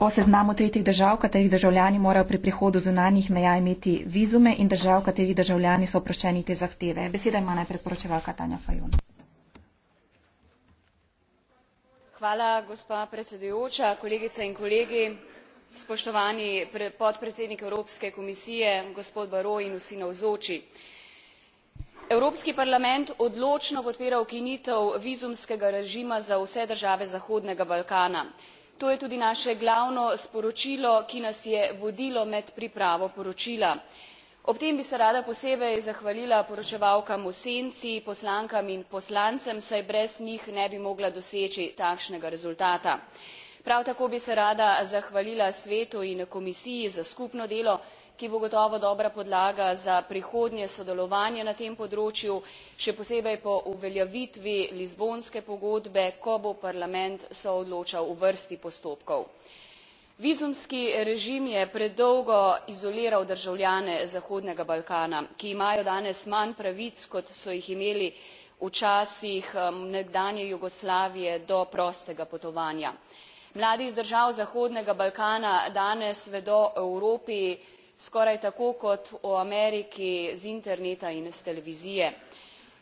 o seznamu tretjih držav, katerih državljani morajo pri prihodu zunanjih meja imeti vizume in držav, katerih državljani so oproščeni te zahteve. Beseda ima najprej poročevalka Tanja Fajon. Hvala, gospa predsedujoča, kolegice in kolegi, spoštovani podpredsednik Evropske komisije, gospod Baro in vsi navzoči. Evropski parlament odločno podpira ukinitev vizumskega režima za vse države Zahodnega Balkana to je tudi naše glavno sporočilo ki nas je vodilo med pripravo poročila. ob tem bi se rada posebej zahvalila poročevalkam v senci poslankam in poslancem saj brez njih ne bi mogla doseči takšnega rezultata. prav tako bi se rada zahvalila svetu in komisiji za skupno delo ki bo gotovo dobra podlaga za prihodnje sodelovanje na tem področju še posebej po uveljavitvi lizbonske pogodbe ko bo parlament soodločal o vrsti postopkov. vizumski režim je predolgo izoliral državljane zahodnega balkana ki imajo danes manj pravic kot so jih imeli včasih um, nekdanje jugoslavije do prostega potovanja. mladi iz držav zahodnega balkana danes vedo o evropi skoraj tako kot v ameriki z interneta in s televizije.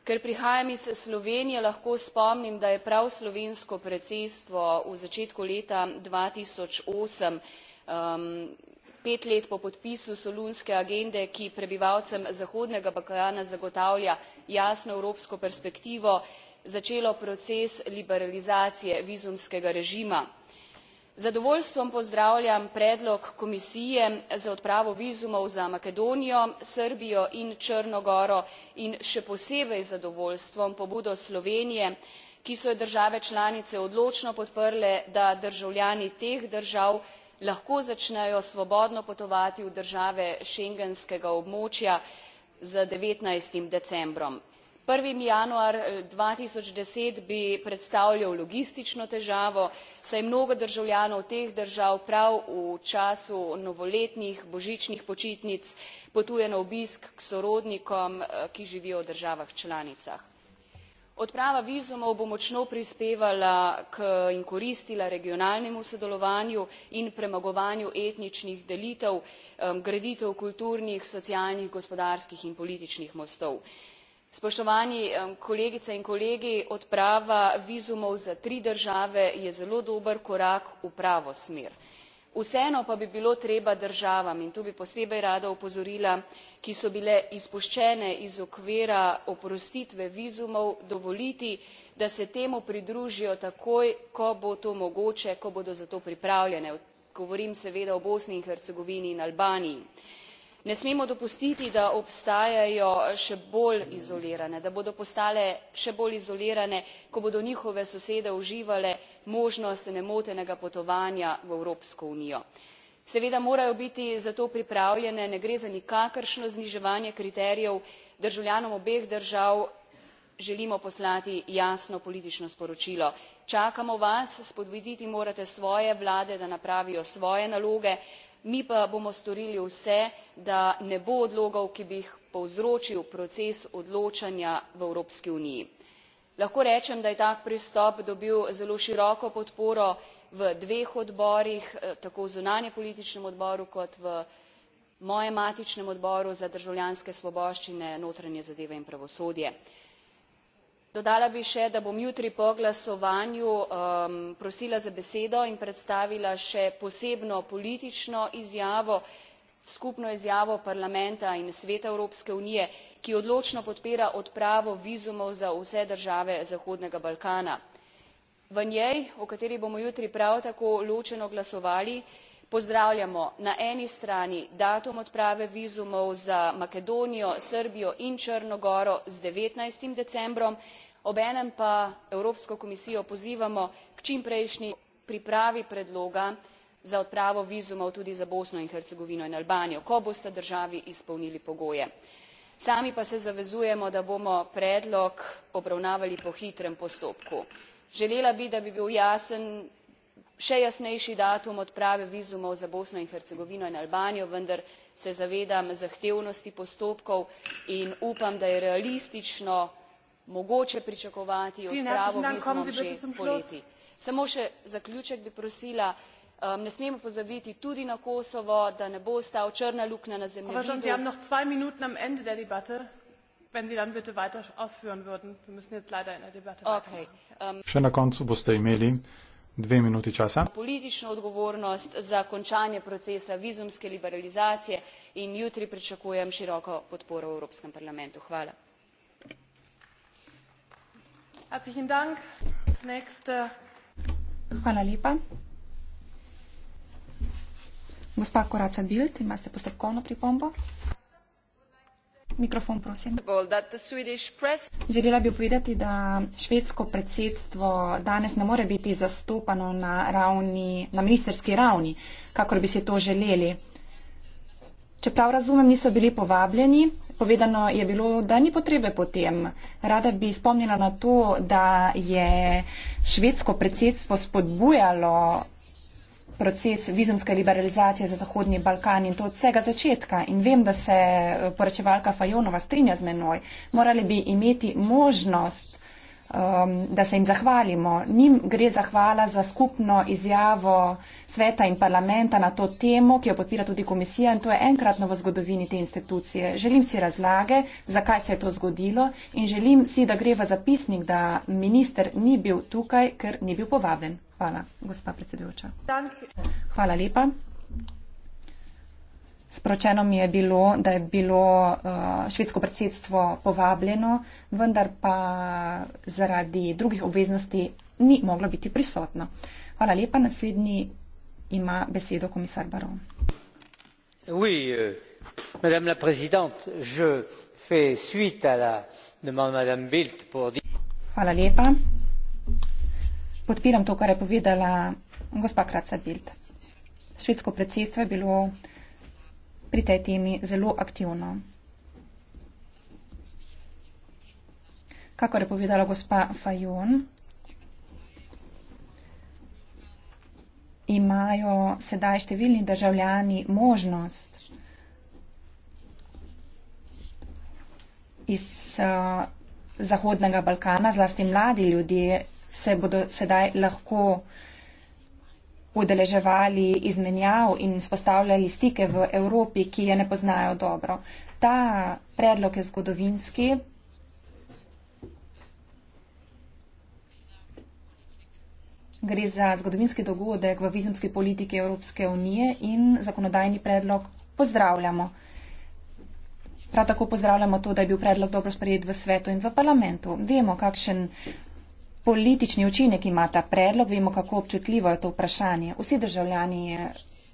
ker prihajam iz slovenije lahko spomnim da je prav slovensko predsedstvo v začetku leta dva tisoč osem um, pet let po podpisu solunske agende ki prebivalcem zahodnega balkana zagotavlja jasno evropsko perspektivo začelo proces liberalizacije vizumskega režima zadovoljstvom pozdravljam predlog komisije za odpravo vizumov za makedonijo srbijo in črno goro in še posebej z zadovoljstvom pobudo slovenije ki so jo države članice odločno podprle da državljani teh držav lahko začnejo svobodno potovati v države schengenskega območja z devetnajst decembrom januar eh, dva tisoč deset bi predstavljal logistično težavo saj mnogo državljanov teh držav prav v času novoletnih božičnih počitnic potuje na obisk k sorodnikom eh, ki živijo v državah članicah. odprava vizumov bo močno prispevala k in koristila regionalnemu sodelovanju in premagovanju etničnih delitev eh, graditev kulturnih socialnih gospodarskih in političnih mostov spoštovani kolegice in kolegi odprava vizumov za tri države je zelo dober korak v pravo smer vseeno pa bi bilo treba državam in tu bi posebej rada opozorila ki so bile izpuščene iz okvira oprostitve vizumov dovoliti da se temu pridružijo takoj ko bo to mogoče ko bodo za to pripravljene govorim seveda o bosni in hercegovini in albaniji ne smemo dopustiti da obstajajo še bolj izolirane da bodo postale še bolj izolirane ko bodo njihove sosede uživale možnost nemotenega potovanja v evropsko unijo. seveda morajo biti za to pripravljene ne gre za nikakršno zniževanje kriterijev državljanom obeh držav želimo poslati jasno politično sporočilo čakamo vas spodbuditi morate svoje vlade da napravijo svoje naloge mi pa bomo storili vse da ne bo odlogov ki bi jih povzročil proces odločanja v evropski uniji. lahko rečem da je tak pristop dobil zelo široko podporo v dveh odborih eh, tako v zunanjepolitičnem odboru kot v mojem matičnem odboru za državljanske svoboščine notranje zadeve in pravosodje dodala bi še da bom jutri po glasovanju um, prosila za besedo in predstavila še posebno politično izjavo skupno izjavo parlamenta in sveta evropske unije ki odločno podpira odpravo vizumov za vse države zahodnega balkana. v njej o kateri bomo jutri prav tako ločeno glasovali pozdravljamo na eni strani datum odprave vizumov za makedonijo srbijo in črno goro z devetnajst decembrom obenem pa evropsko komisijo pozivamo k čimprejšnji pripravi predloga za odpravo vizumov tudi za bosno in hercegovino in albanijo ko bosta državi izpolnili pogoje. sami pa se zavezujemo da bomo predlog obravnavali po hitrem postopku. želela bi da bi bil jasen še jasnejši datum odprave vizumov za bosno in hercegovino in albanijo vendar se zavedam zahtevnosti postopkov in upam da je realistično mogoče pričakovati odpravo vizumov že poleti. samo še zaključek bi prosila ne smemo pozabiti tudi na kosovo da ne bo ostal črna luknja na zemljevidu. Ja. politično odgovornost za končanje procesa vizumske liberalizacije in jutri pričakujem široko podporo v evropskem parlamentu. hvala. Herzlichen Dank. Nächste. Hvala lepa. Gospa Koraca Bild, imate postopkovno pripombo? Mikrofon, prosim. Želela bi povedati, da švedsko predsedstvo danes ne more biti zastopano na, ravni, na ministerski ravni, kakor bi se to želeli. Čeprav razumem, niso bili povabljeni. Povedano je bilo, da ni potrebe potem. Rada bi spomnila na to, da je švedsko predsedstvo spodbujalo proces vizumske liberalizacije za Zahodnji Balkan in to od vsega začetka. In vem, da se poročevalka Fajonova strinja z menoj. Morali bi imeti možnost uh, um, da se jim zahvalimo. Njim gre zahvala za skupno izjavo sveta in parlamenta na to temo, ki jo podpira tudi komisija in to je enkratno v zgodovini te institucije. Želim si razlage, zakaj se je to zgodilo in želim si, da gre v zapisnik, da minister ni bil tukaj, ker ni bil povabljen. Hvala, gospa predsedujoča. Hvala lepa. Sporočeno mi je bilo, da je bilo eh, švedsko predsedstvo povabljeno, vendar pa zaradi drugih obveznosti ni moglo biti prisotno. Hvala lepa, naslednji ima besedo komisar Baron. Oui, euh, madame la présidente, je fais suite à la demande madame Bilt pour dire. Hvala lepa. Podpiram to, kar je povedala gospa Kratsa Bilt. Švedsko predsedstvo je bilo pri tej temi zelo aktivno. Kakor je povedala gospa Fajon, imajo sedaj številni državljani možnost iz eh, Zahodnega Balkana, zlasti mladi ljudje, se bodo sedaj lahko udeleževali izmenjav in spostavljali stike v Evropi, ki je ne poznajo dobro. Ta predlog je zgodovinski. Gre za zgodovinski dogodek v vizumski politiki Evropske unije in zakonodajni predlog pozdravljamo. Prav tako pozdravljamo to, da je bil predlog dobro sprejet v svetu in v parlamentu. Vemo, kakšen politični učinek ima ta predlog, vemo, kako občutljivo je to vprašanje. Vsi državljani eh,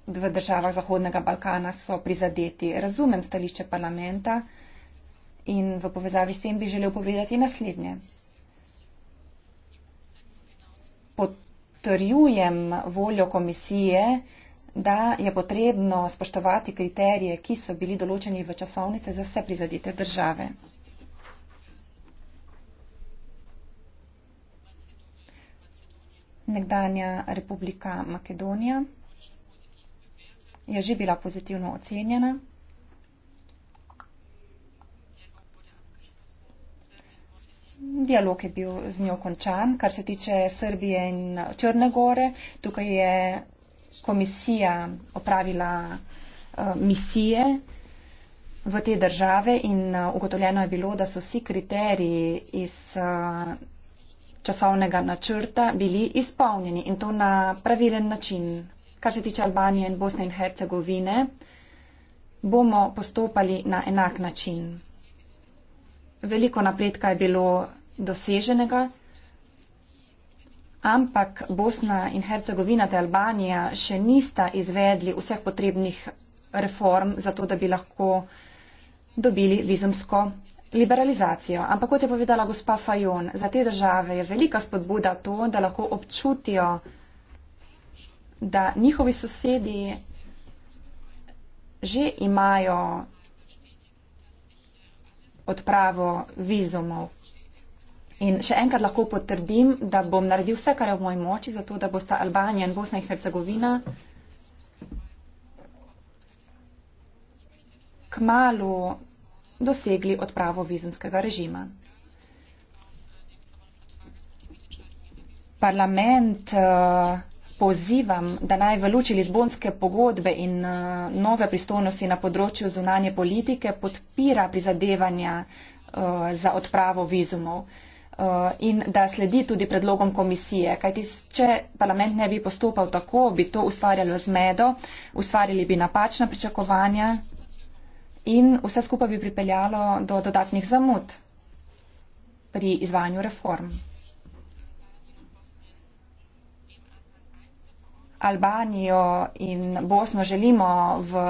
v državah Zahodnega Balkana so prizadeti. Razumem stališče parlamenta in v povezavi s tem bi želel povedati naslednje. Potrjujem voljo komisije, da je potrebno spoštovati kriterije, ki so bili določeni v časovnice za vse prizadete države. nekdanja republika Makedonija, je že bila pozitivno ocenjena. Dialog je bil z njo končan. Kar se tiče Srbije in Črne gore, tukaj je komisija opravila eh, misije v te države in eh, ugotovljeno je bilo, da so vsi kriteriji iz eh, časovnega načrta bili izpolnjeni in to na pravilen način. Kar se tiče Albanije in Bosne in Hercegovine, bomo postopali na enak način. Veliko napredka je bilo doseženega, ampak Bosna in Hercegovina te Albanija še nista izvedli vseh potrebnih reform za to, da bi lahko dobili vizumsko liberalizacijo. Ampak kot je povedala gospa Fajon, za te države je velika spodbuda to, da lahko občutijo, da njihovi sosedi že imajo odpravo vizumov. In še enkrat lahko potrdim, da bom naredil vse, kar je v moji moči, zato da bosta Albanija in Bosna in Hercegovina k malu dosegli odpravo vizumskega režima. Parlament eh, pozivam, da naj v luči Lizbonske pogodbe in eh, nove pristojnosti na področju zunanje politike podpira prizadevanja eh, za odpravo vizumov in da sledi tudi predlogom komisije. Kajti, če parlament ne bi postopal tako, bi to ustvarjalo zmedo, ustvarili bi napačna pričakovanja in vse skupaj bi pripeljalo do dodatnih zamud pri izvajanju reform. Albanijo in Bosno želimo v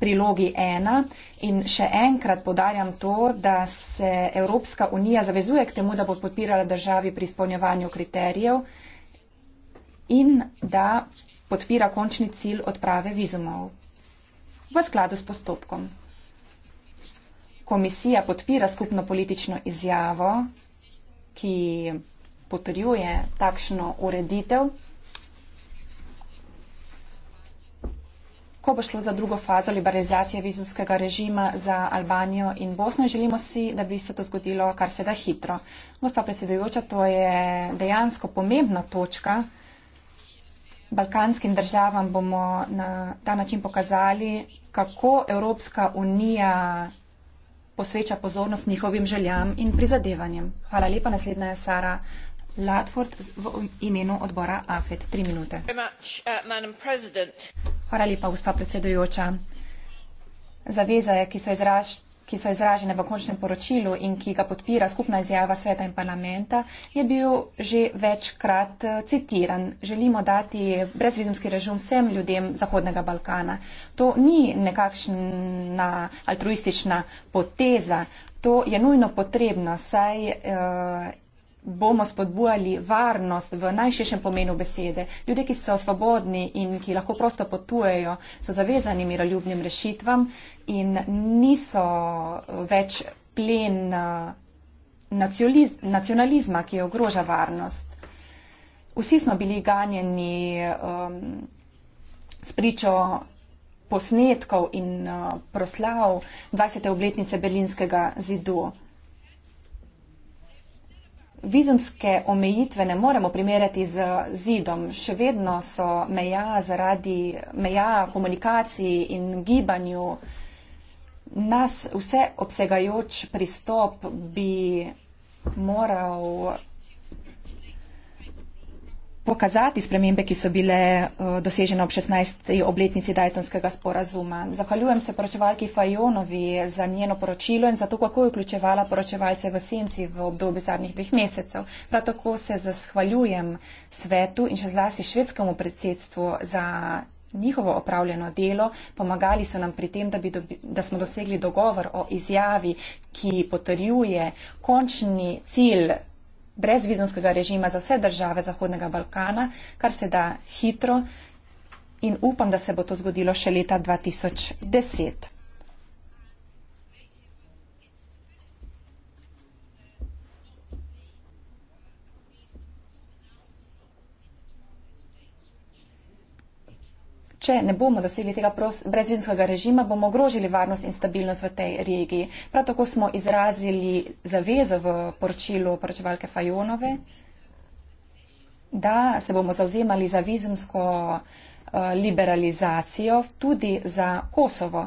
prilogi ena in še enkrat podarjam to, da se Evropska unija zavezuje k temu, da bo podpirala državi pri izpolnjevanju kriterijev in da podpira končni cilj odprave vizumov v skladu s postopkom. Komisija podpira skupno politično izjavo, ki potrjuje takšno ureditev. Ko bo šlo za drugo fazo liberalizacije vizumskega režima za Albanijo in Bosno, želimo si, da bi se to zgodilo kar se da hitro. Gospa predsedujoča, to je dejansko pomembna točka balkanskim državam bomo na ta način pokazali, kako Evropska unija posveča pozornost njihovim željam in prizadevanjem. Hvala lepa, naslednja je Sara. Latford v imenu odbora AFED. Tri minute. Uh, Hvala lepa, gospa predsedujoča. Zaveze, ki so izražene ki so izražene v končnem poročilu in ki ga podpira skupna izjava sveta in parlamenta, je bil že večkrat eh, citiran. Želimo dati brezvizumski režim vsem ljudem Zahodnega Balkana. To ni nekakšna altruistična poteza, to je nujno potrebno, saj. Uh, bomo spodbujali varnost v najširšem pomenu besede. Ljudje, ki so svobodni in ki lahko prosto potujejo, so zavezani miroljubnim rešitvam in niso več plen eh, nacionalizma, ki ogroža varnost. Vsi smo bili ganjeni um, s pričo posnetkov in uh, proslav 20. obletnice Berlinskega zidu. Vizumske omejitve ne moremo primerjati z zidom. Še vedno so meja zaradi meja komunikaciji in gibanju nas vse obsegajoč pristop bi moral pokazati spremembe, ki so bile eh, dosežene ob 16. obletnici Dajtonskega sporazuma. Zahvaljujem se poročevalki Fajonovi za njeno poročilo in za to, kako je vključevala poročevalce v senci v obdobju zadnjih dveh mesecev. Prav tako se zahvaljujem svetu in še zlasti švedskemu predsedstvu za njihovo opravljeno delo. Pomagali so nam pri tem, da, bi dobi, da smo dosegli dogovor o izjavi, ki potrjuje končni cilj brezvizumskega režima za vse države Zahodnega Balkana, kar se da hitro in upam, da se bo to zgodilo še leta 2010. če ne bomo dosegli tega brezvinskega režima, bomo ogrožili varnost in stabilnost v tej regiji. Prav tako smo izrazili zavezo v poročilu poročevalke Fajonove, da se bomo zavzemali za vizumsko eh, liberalizacijo tudi za Kosovo.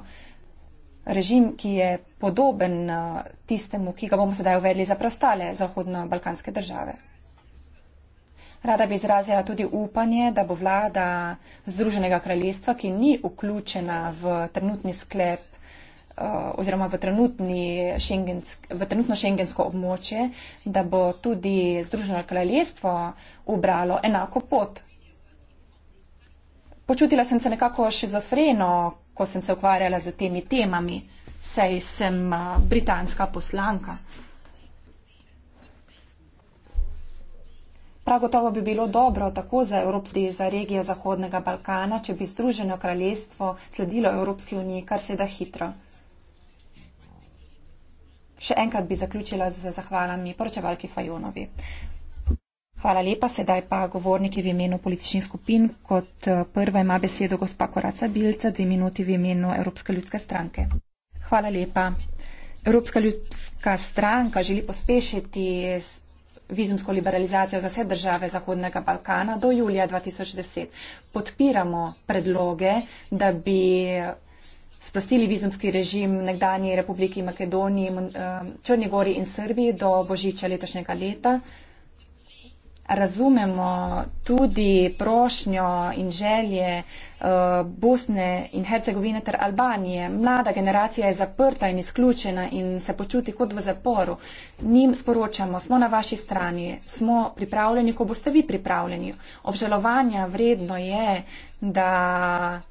Režim, ki je podoben eh, tistemu, ki ga bomo sedaj uvedli za prostale zahodno-balkanske države. Rada bi izrazila tudi upanje, da bo vlada Združenega kraljestva, ki ni vključena v trenutni sklep eh, oziroma v, šengensk, v trenutno šengensko območje, da bo tudi Združeno kraljestvo ubralo enako pot. Počutila sem se nekako šizofreno, ko sem se ukvarjala z temi temami, saj sem eh, britanska poslanka. Prav gotovo bi bilo dobro tako za Evropsko unijo, za regijo Zahodnega Balkana, če bi Združeno kraljestvo sledilo Evropski uniji kar se da hitro. Še enkrat bi zaključila z zahvalami poročevalki Fajonovi. Hvala lepa, sedaj pa govorniki v imenu političnih skupin. Kot eh, prva ima besedo gospa Koraca Bilca, dve minuti v imenu Evropske ljudske stranke. Hvala lepa. Evropska ljudska stranka želi pospešiti vizumsko liberalizacijo za vse države Zahodnega Balkana do julija 2010. Podpiramo predloge, da bi sprostili vizumski režim nekdanji Republiki Makedoniji, eh, Črnjegori in Srbiji do božiča letošnjega leta razumemo tudi prošnjo in želje eh, Bosne in Hercegovine ter Albanije. Mlada generacija je zaprta in izključena in se počuti kot v zaporu. Njim sporočamo, smo na vaši strani, smo pripravljeni, ko boste vi pripravljeni. Obžalovanja vredno je, da.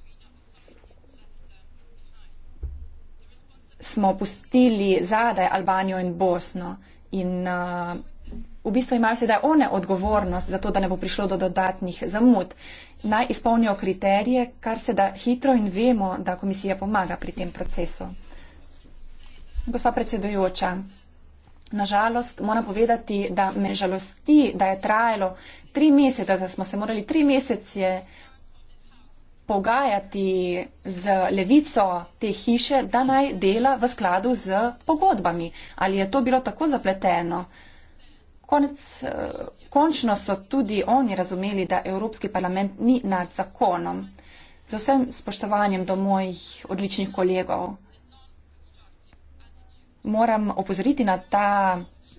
Smo pustili zadaj Albanijo in Bosno in uh, v bistvu imajo sedaj one odgovornost za to, da ne bo prišlo do dodatnih zamud. Naj izpolnijo kriterije, kar se da hitro in vemo, da komisija pomaga pri tem procesu. Gospa predsedujoča, nažalost moram povedati, da me žalosti, da je trajalo tri mesece, da smo se morali tri mesece pogajati z levico te hiše, da naj dela v skladu z pogodbami. Ali je to bilo tako zapleteno? Konec, eh, končno so tudi oni razumeli, da Evropski parlament ni nad zakonom. Z vsem spoštovanjem do mojih odličnih kolegov moram opozoriti na ta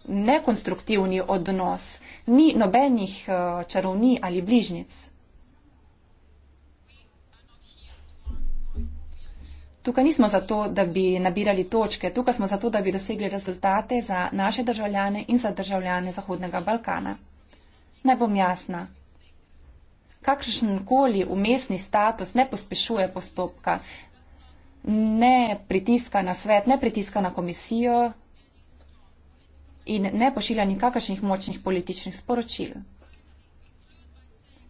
nekonstruktivni odnos. Ni nobenih eh, čarovni ali bližnic. Tukaj nismo zato, da bi nabirali točke, tukaj smo zato, da bi dosegli rezultate za naše državljane in za državljane Zahodnega Balkana. Naj bom jasna. Kakršenkoli umestni status ne pospešuje postopka, ne pritiska na svet, ne pritiska na komisijo in ne pošilja nikakršnih močnih političnih sporočil.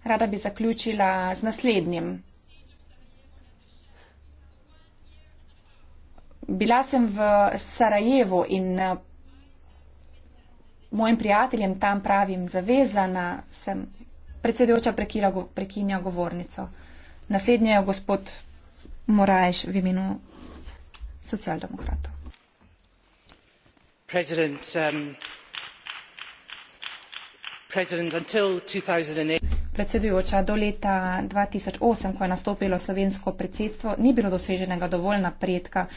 Rada bi zaključila z naslednjim. bila sem v Sarajevu in eh, mojim prijateljem tam pravim zavezana, sem predsedujoča prekira, prekinja govornico. Naslednje je gospod Moraješ v imenu socialdemokratov. Um, predsedujoča, do leta 2008, ko je nastopilo slovensko predsedstvo, ni bilo doseženega dovolj napredka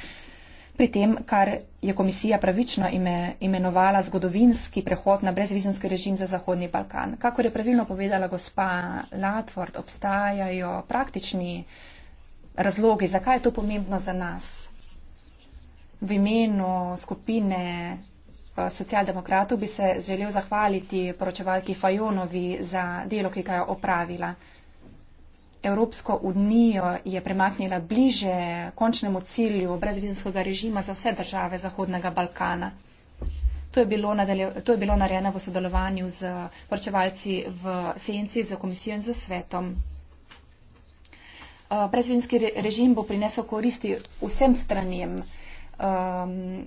pri tem, kar je komisija pravično ime, imenovala zgodovinski prehod na brezvizumski režim za Zahodni Balkan. Kakor je pravilno povedala gospa Latvord, obstajajo praktični razlogi, zakaj je to pomembno za nas v imenu skupine. Eh, Socialdemokratu bi se želel zahvaliti poročevalki Fajonovi za delo, ki ga je opravila. Evropsko unijo je premaknila bliže končnemu cilju brezvizijskega režima za vse države Zahodnega Balkana. To je, bilo nadalje, to je bilo narejeno v sodelovanju z poročevalci v senci, z komisijo in z svetom. Eh, Brezvinski režim bo prinesel koristi vsem stranjem. Um, ehm,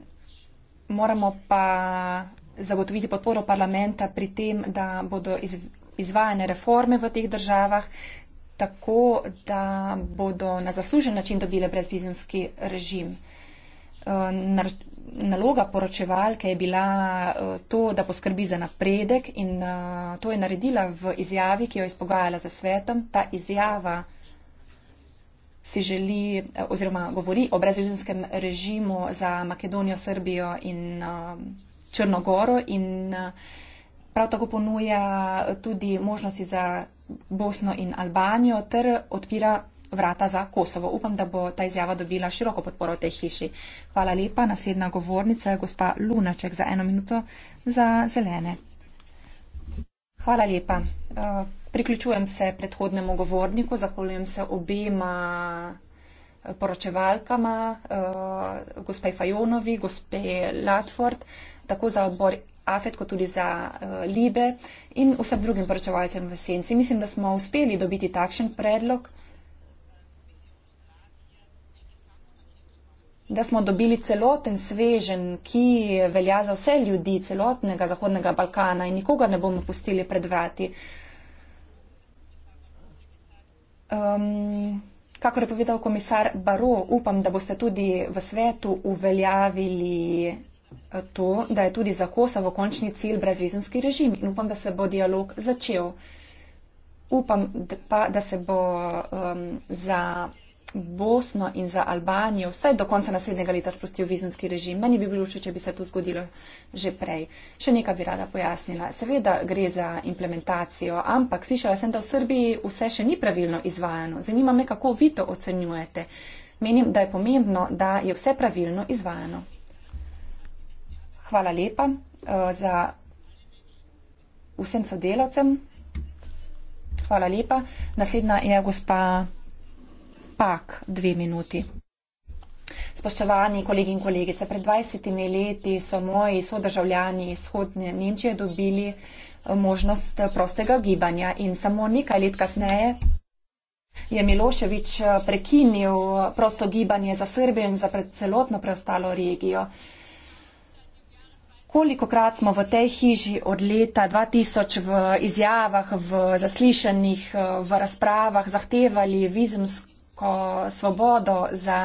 moramo pa zagotoviti podporo parlamenta pri tem, da bodo izv, izvajane reforme v teh državah, tako, da bodo na zaslužen način dobile brezvizumski režim. Eh, naloga poročevalke je bila eh, to, da poskrbi za napredek in eh, to je naredila v izjavi, ki jo je spogajala za svetom. Ta izjava si želi oziroma govori o brezvizumskem režimu za Makedonijo, Srbijo in Črnogoro in prav tako ponuja tudi možnosti za Bosno in Albanijo ter odpira vrata za Kosovo. Upam, da bo ta izjava dobila široko podporo v tej hiši. Hvala lepa. Naslednja govornica je gospa Lunaček za eno minuto za zelene. Hvala lepa. Eh, priključujem se predhodnemu govorniku, zahvaljujem se obema eh, poročevalkama, eh, gospe Fajonovi, gospe Latford, tako za obor AFET, kot tudi za uh, LIBE in vsem drugim poročevalcem v senci. Mislim, da smo uspeli dobiti takšen predlog, da smo dobili celoten svežen, ki velja za vse ljudi celotnega Zahodnega Balkana in nikoga ne bomo pustili pred vrati. Um, kakor je povedal komisar Baro, upam, da boste tudi v svetu uveljavili to, da je tudi za Kosovo končni cilj brezvizumski režim in upam, da se bo dialog začel. Upam pa, da se bo um, za Bosno in za Albanijo vsaj do konca naslednjega leta sprostil vizumski režim. Meni bi bilo všeč, če bi se to zgodilo že prej. Še nekaj bi rada pojasnila. Seveda gre za implementacijo, ampak slišala sem, da v Srbiji vse še ni pravilno izvajano. Zanima me, kako vi to ocenjujete. Menim, da je pomembno, da je vse pravilno izvajano hvala lepa uh, za vsem sodelavcem. Hvala lepa. Naslednja je gospa Pak, dve minuti. Spoštovani kolegi in kolegice, pred 20 leti so moji sodržavljani iz shodne Nemčije dobili eh, možnost eh, prostega gibanja in samo nekaj let kasneje je Miloševič prekinil prosto gibanje za Srbijo in za celotno preostalo regijo. Uh, koliko krat smo v tej hiži od leta 2000 v izjavah, v zaslišanjih, eh, v razpravah zahtevali vizumsko svobodo za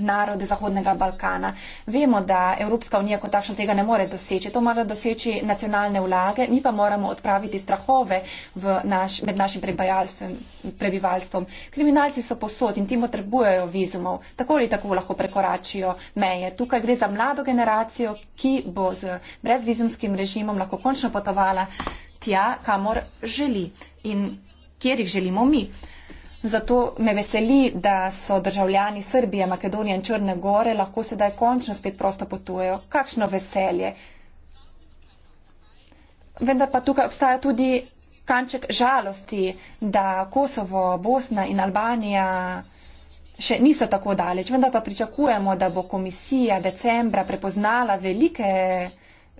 narode Zahodnega Balkana. Vemo, da Evropska unija kot takšna tega ne more doseči. To mora doseči nacionalne vlage, mi pa moramo odpraviti strahove naš, med našim prebivalstvom. Kriminalci so posod in ti potrebujejo vizumov, tako ali tako lahko prekoračijo meje. Tukaj gre za mlado generacijo, ki bo z brezvizumskim režimom lahko končno potovala tja, kamor želi in kjer jih želimo mi. Zato me veseli, da so državljani Srbije, Makedonije in Črne Gore lahko sedaj končno spet prosto potujejo. Kakšno veselje. Vendar pa tukaj obstaja tudi kanček žalosti, da Kosovo, Bosna in Albanija še niso tako daleč. Vendar pa pričakujemo, da bo komisija decembra prepoznala velike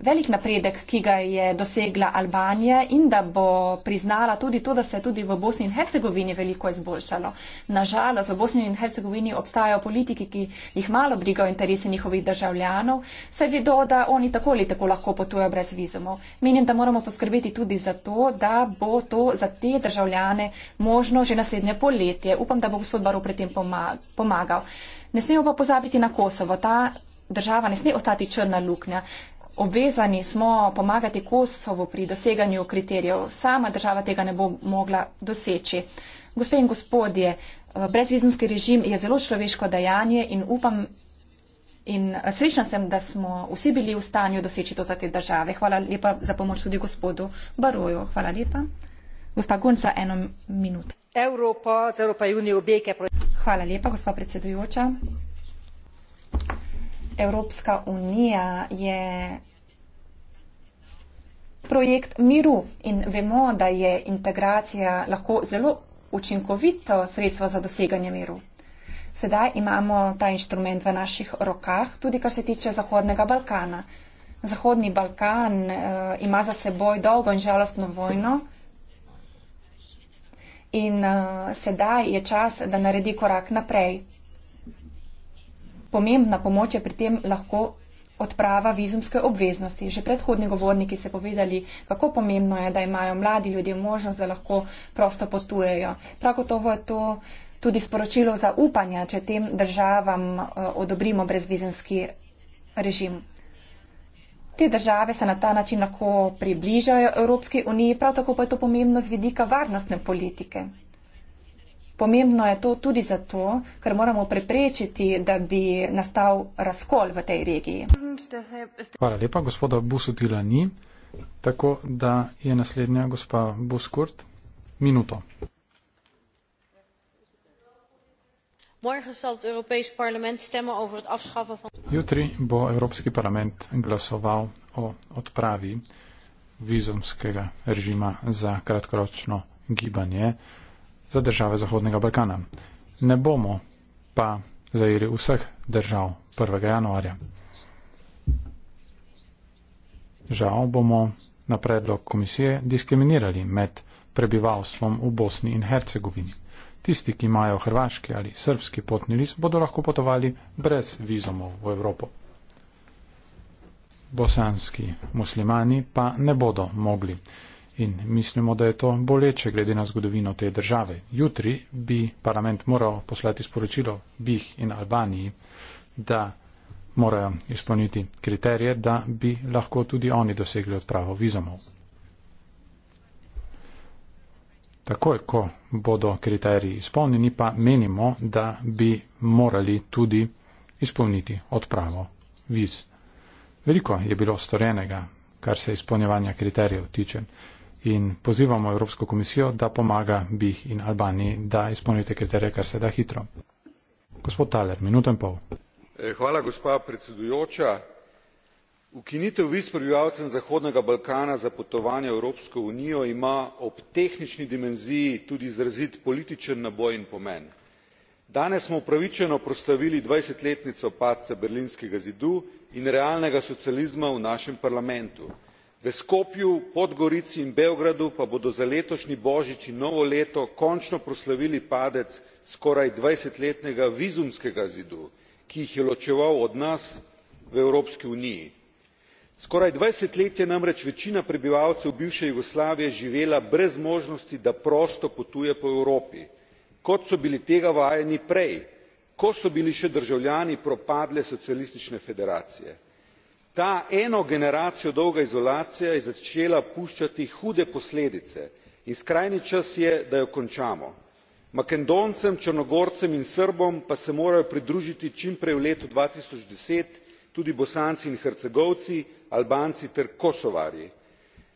velik napredek, ki ga je dosegla Albanija in da bo priznala tudi to, da se je tudi v Bosni in Hercegovini veliko izboljšalo. Nažalost, v Bosni in Hercegovini obstajajo politiki, ki jih malo briga o interese njihovih državljanov, saj vedo, da oni tako ali tako lahko potujejo brez vizumov. Menim, da moramo poskrbeti tudi za to, da bo to za te državljane možno že naslednje poletje. Upam, da bo gospod Barov pri tem pomagal. Ne smemo pa pozabiti na Kosovo. Ta država ne sme ostati črna luknja obvezani smo pomagati Kosovo pri doseganju kriterijev. Sama država tega ne bo mogla doseči. Gospe in gospodje, eh, brezvizumski režim je zelo človeško dejanje in upam in eh, srečna sem, da smo vsi bili v stanju doseči to za te države. Hvala lepa za pomoč tudi gospodu Baroju. Hvala lepa. Gospa Gonca, eno minuto. Evropa, Evropa, Unijo, Hvala lepa, gospa predsedujoča. Evropska unija je projekt miru in vemo, da je integracija lahko zelo učinkovito sredstvo za doseganje miru. Sedaj imamo ta inštrument v naših rokah, tudi kar se tiče Zahodnega Balkana. Zahodni Balkan uh, ima za seboj dolgo in žalostno vojno in uh, sedaj je čas, da naredi korak naprej pomembna pomoč je pri tem lahko odprava vizumske obveznosti. Že predhodni govorniki so povedali, kako pomembno je, da imajo mladi ljudje možnost, da lahko prosto potujejo. Prav gotovo je to tudi sporočilo zaupanja, če tem državam eh, odobrimo brezvizumski režim. Te države se na ta način lahko približajo Evropski uniji, prav tako pa je to pomembno z vidika varnostne politike. Pomembno je to tudi zato, ker moramo preprečiti, da bi nastal razkol v tej regiji. Hvala lepa, gospoda Busutila ni. Tako da je naslednja gospa Buskurt. Minuto. Jutri bo Evropski parlament glasoval o odpravi vizumskega režima za kratkoročno gibanje za države Zahodnega Balkana. Ne bomo pa zajeli vseh držav 1. januarja. Žal bomo na predlog komisije diskriminirali med prebivalstvom v Bosni in Hercegovini. Tisti, ki imajo hrvaški ali srbski potni list, bodo lahko potovali brez vizumov v Evropo. Bosanski muslimani pa ne bodo mogli in mislimo, da je to boleče glede na zgodovino te države. Jutri bi parlament moral poslati sporočilo BIH in Albaniji, da morajo izpolniti kriterije, da bi lahko tudi oni dosegli odpravo vizumov. Takoj, ko bodo kriteriji izpolnjeni, pa menimo, da bi morali tudi izpolniti odpravo viz. Veliko je bilo storjenega, kar se izpolnjevanja kriterijev tiče in pozivamo Evropsko komisijo, da pomaga BIH in Albaniji, da izpolnite kriterije kar se da hitro. Gospod Taler, minuto in pol. Eh, hvala, gospa predsedujoča. Ukinitev viz prebivalcem Zahodnega Balkana za potovanje v Evropsko unijo ima ob tehnični dimenziji tudi izrazit političen naboj in pomen. Danes smo upravičeno proslavili dvajsetletnico padca berlinskega zidu in realnega socializma v našem parlamentu v skopju podgorici in beogradu pa bodo za letošnji božič in novo leto končno proslavili padec skoraj dvajsetletnega vizumskega zidu ki jih je ločeval od nas v evropski uniji. skoraj dvajset let je namreč večina prebivalcev bivše jugoslavije živela brez možnosti da prosto potuje po evropi kot so bili tega vajeni prej ko so bili še državljani propadle socialistične federacije ta eno generacijo dolga izolacija je začela puščati hude posledice in skrajni čas je da jo končamo makedoncem črnogorcem in srbom pa se morajo pridružiti čim prej v letu dva tisoč deset tudi bosanci in hercegovci albanci ter kosovarji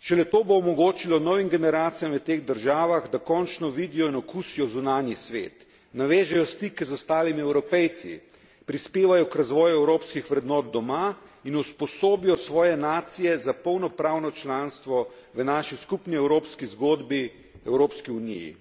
šele to bo omogočilo novim generacijam v teh državah da končno vidijo in okusijo zunanji svet navežejo stike z ostalimi evropejci prispevajo k razvoju evropskih vrednot doma in usposobijo svoje nacije za polnopravno članstvo v naši skupni evropski zgodbi evropski uniji.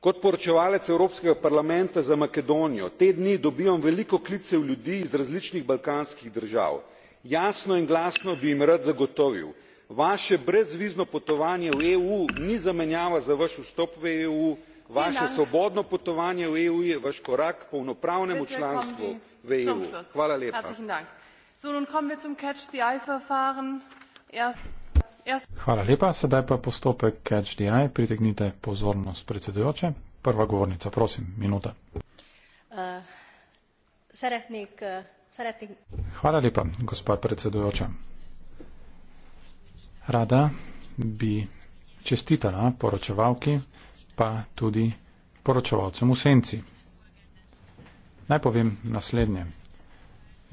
kot poročevalec evropskega parlamenta za makedonijo te dni dobivam veliko klicev ljudi iz različnih balkanskih držav. jasno in glasno bi jim rad zagotovil vaše brezvizno potovanje v eu ni zamenjava za vaš vstop v eu vaše svobodno potovanje v eu je vaš korak k polnopravnemu članstvu v eu. hvala lepa. Hvala lepa, sedaj pa postopek Catch the Eye, pritegnite pozornost predsedujoče. Prva govornica, prosim, minuta. Eh, eh, hvala lepa, gospa predsedujoča. Rada bi čestitala poročevalki pa tudi poročevalcem v senci. Naj povem naslednje.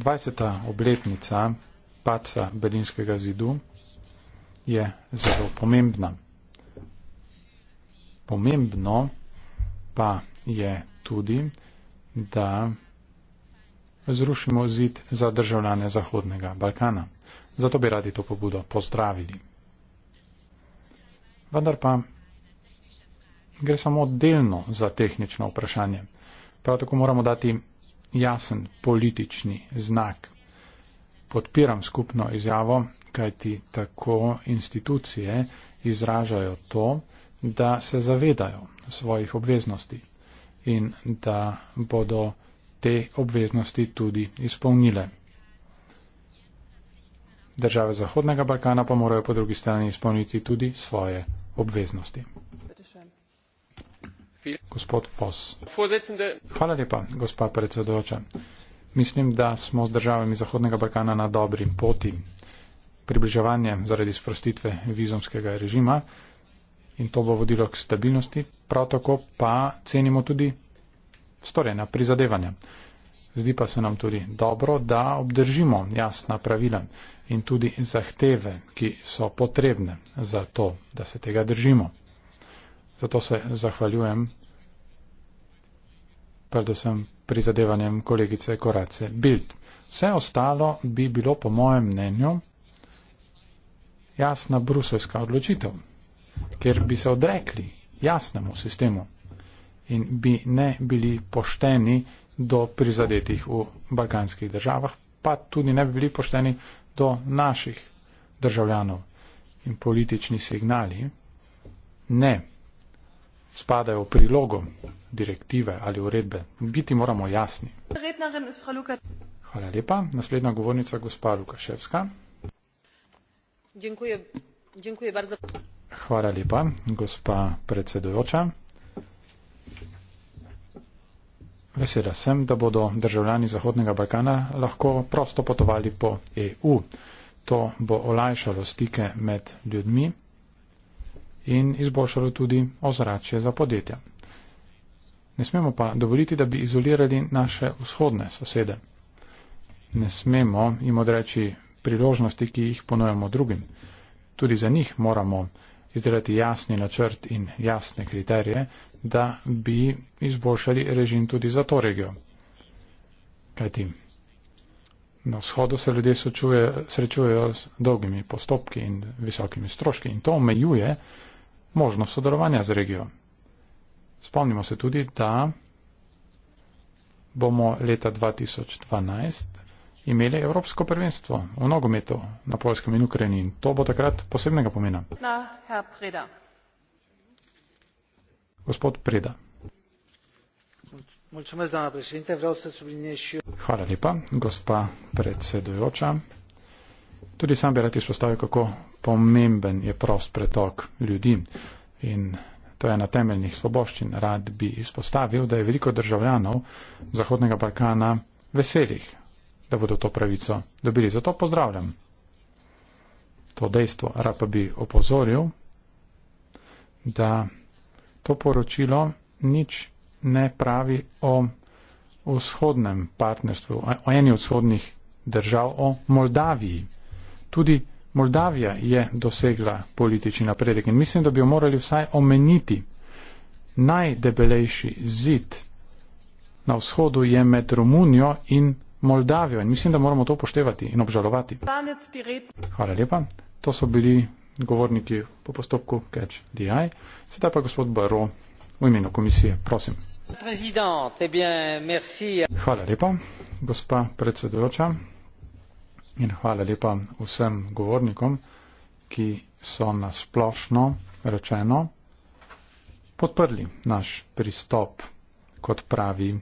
20. obletnica paca Berlinskega zidu je zelo pomembna. Pomembno pa je tudi, da zrušimo zid za državljane Zahodnega Balkana. Zato bi radi to pobudo pozdravili. Vendar pa gre samo delno za tehnično vprašanje. Prav tako moramo dati jasen politični znak. Podpiram skupno izjavo, kajti tako institucije izražajo to, da se zavedajo svojih obveznosti in da bodo te obveznosti tudi izpolnile. Države Zahodnega Balkana pa morajo po drugi strani izpolniti tudi svoje obveznosti. Petišen. Gospod Fos. Hvala lepa, gospa predsedujoča. Mislim, da smo z državami Zahodnega Balkana na dobri poti približevanja zaradi sprostitve vizumskega režima in to bo vodilo k stabilnosti. Prav tako pa cenimo tudi storjena prizadevanja. Zdi pa se nam tudi dobro, da obdržimo jasna pravila in tudi zahteve, ki so potrebne za to, da se tega držimo. Zato se zahvaljujem predvsem prizadevanjem kolegice Korace Bild. Vse ostalo bi bilo po mojem mnenju jasna bruseljska odločitev, ker bi se odrekli jasnemu sistemu in bi ne bili pošteni do prizadetih v balkanskih državah, pa tudi ne bi bili pošteni do naših državljanov. In politični signali ne spadajo v prilogo direktive ali uredbe. Biti moramo jasni. Hvala lepa. Naslednja govornica je gospa Lukaševska. Hvala lepa, gospa predsedujoča. Vesela sem, da bodo državljani Zahodnega Balkana lahko prosto potovali po EU. To bo olajšalo stike med ljudmi in izboljšalo tudi ozračje za podjetja. Ne smemo pa dovoliti, da bi izolirali naše vzhodne sosede. Ne smemo jim odreči priložnosti, ki jih ponujemo drugim. Tudi za njih moramo izdelati jasni načrt in jasne kriterije, da bi izboljšali režim tudi za to regijo. Kajti na vzhodu se ljudje srečujejo z dolgimi postopki in visokimi stroški in to omejuje možnost sodelovanja z regijo. Spomnimo se tudi, da bomo leta 2012 imeli Evropsko prvenstvo v nogometu na Poljskem in Ukrajini in to bo takrat posebnega pomena. Na, Preda. Gospod Preda. Hvala lepa, gospa predsedujoča. Tudi sam bi rad izpostavil, kako pomemben je prost pretok ljudi. In to je na temeljnih sloboščin. Rad bi izpostavil, da je veliko državljanov Zahodnega Balkana veselih, da bodo to pravico dobili. Zato pozdravljam to dejstvo. Rad pa bi opozoril, da to poročilo nič ne pravi o vzhodnem partnerstvu, o eni od vzhodnih držav, o Moldaviji tudi Moldavija je dosegla politični napredek in mislim, da bi jo morali vsaj omeniti. Najdebelejši zid na vzhodu je med Romunijo in Moldavijo in mislim, da moramo to poštevati in obžalovati. Hvala lepa. To so bili govorniki po postopku Catch DI. Sedaj pa gospod Baro v imenu komisije, prosim. Eh Hvala lepa, gospa predsedujoča. In hvala lepa vsem govornikom, ki so nas splošno rečeno podprli naš pristop, kot pravi,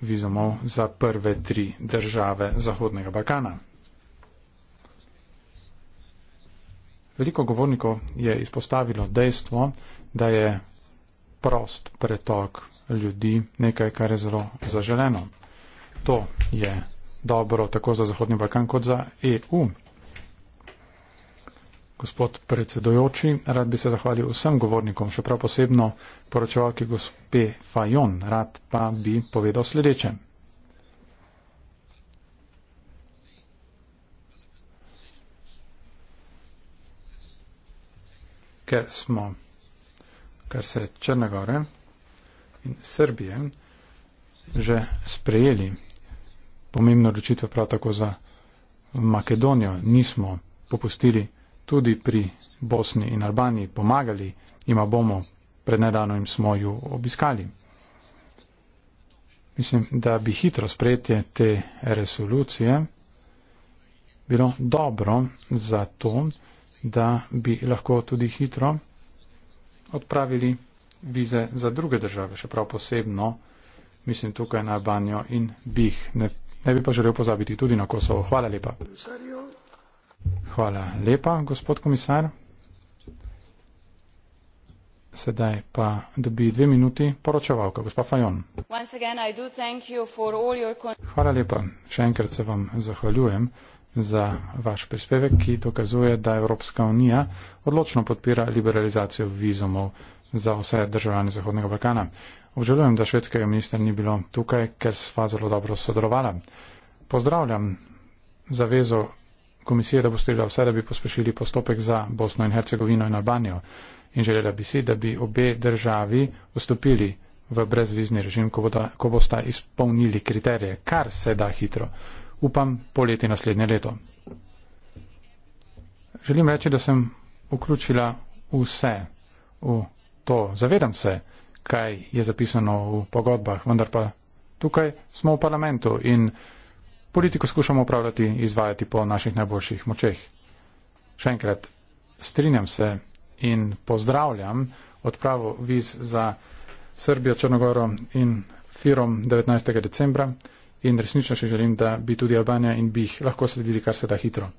vizumov za prve tri države Zahodnega Balkana. Veliko govornikov je izpostavilo dejstvo, da je prost pretok ljudi nekaj, kar je zelo zaželeno. To je dobro tako za Zahodni Balkan kot za EU. Gospod predsedojoči, rad bi se zahvalil vsem govornikom, še prav posebno poročevalki gospe Fajon. Rad pa bi povedal sledeče. Ker smo, kar se Črnagore in Srbije, že sprejeli pomembne odločitve prav tako za Makedonijo. Nismo popustili tudi pri Bosni in Albaniji, pomagali jima bomo, prednedavno jim smo jo obiskali. Mislim, da bi hitro sprejetje te resolucije bilo dobro za to, da bi lahko tudi hitro odpravili vize za druge države, še prav posebno, mislim tukaj na Albanijo in Bih. Ne Ne bi pa želel pozabiti tudi na Kosovo. Hvala lepa. Hvala lepa, gospod komisar. Sedaj pa dobi dve minuti poročevalka, gospa Fajon. Hvala lepa. Še enkrat se vam zahvaljujem za vaš prispevek, ki dokazuje, da Evropska unija odločno podpira liberalizacijo vizumov za vse državljane Zahodnega Balkana. Obžalujem, da švedskega ministra ni bilo tukaj, ker sva zelo dobro sodelovala. Pozdravljam zavezo komisije, da bo storila vse, da bi pospešili postopek za Bosno in Hercegovino in Albanijo. In želela bi si, da bi obe državi vstopili v brezvizni režim, ko, bodo, ko bosta izpolnili kriterije, kar se da hitro. Upam, poleti naslednje leto. Želim reči, da sem vključila vse v to. Zavedam se, kaj je zapisano v pogodbah, vendar pa tukaj smo v parlamentu in politiko skušamo upravljati in izvajati po naših najboljših močeh. Še enkrat, strinjam se in pozdravljam odpravo viz za Srbijo, Črnogoro in Firom 19. decembra in resnično še želim, da bi tudi Albanija in Bih lahko sledili kar se da hitro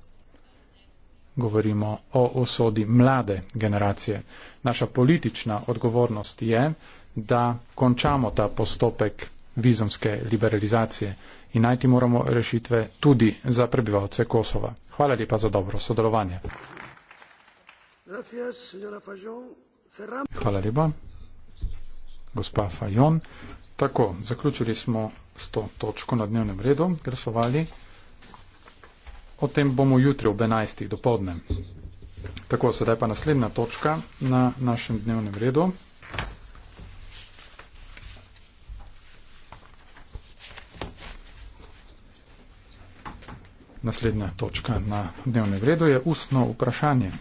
govorimo o usodi mlade generacije. Naša politična odgovornost je, da končamo ta postopek vizumske liberalizacije in najti moramo rešitve tudi za prebivalce Kosova. Hvala lepa za dobro sodelovanje. Hvala lepa, gospa Fajon. Tako, zaključili smo s to točko na dnevnem redu, glasovali. O tem bomo jutri ob 11. do podne. Tako, sedaj pa naslednja točka na našem dnevnem redu. Naslednja točka na dnevnem redu je ustno vprašanje.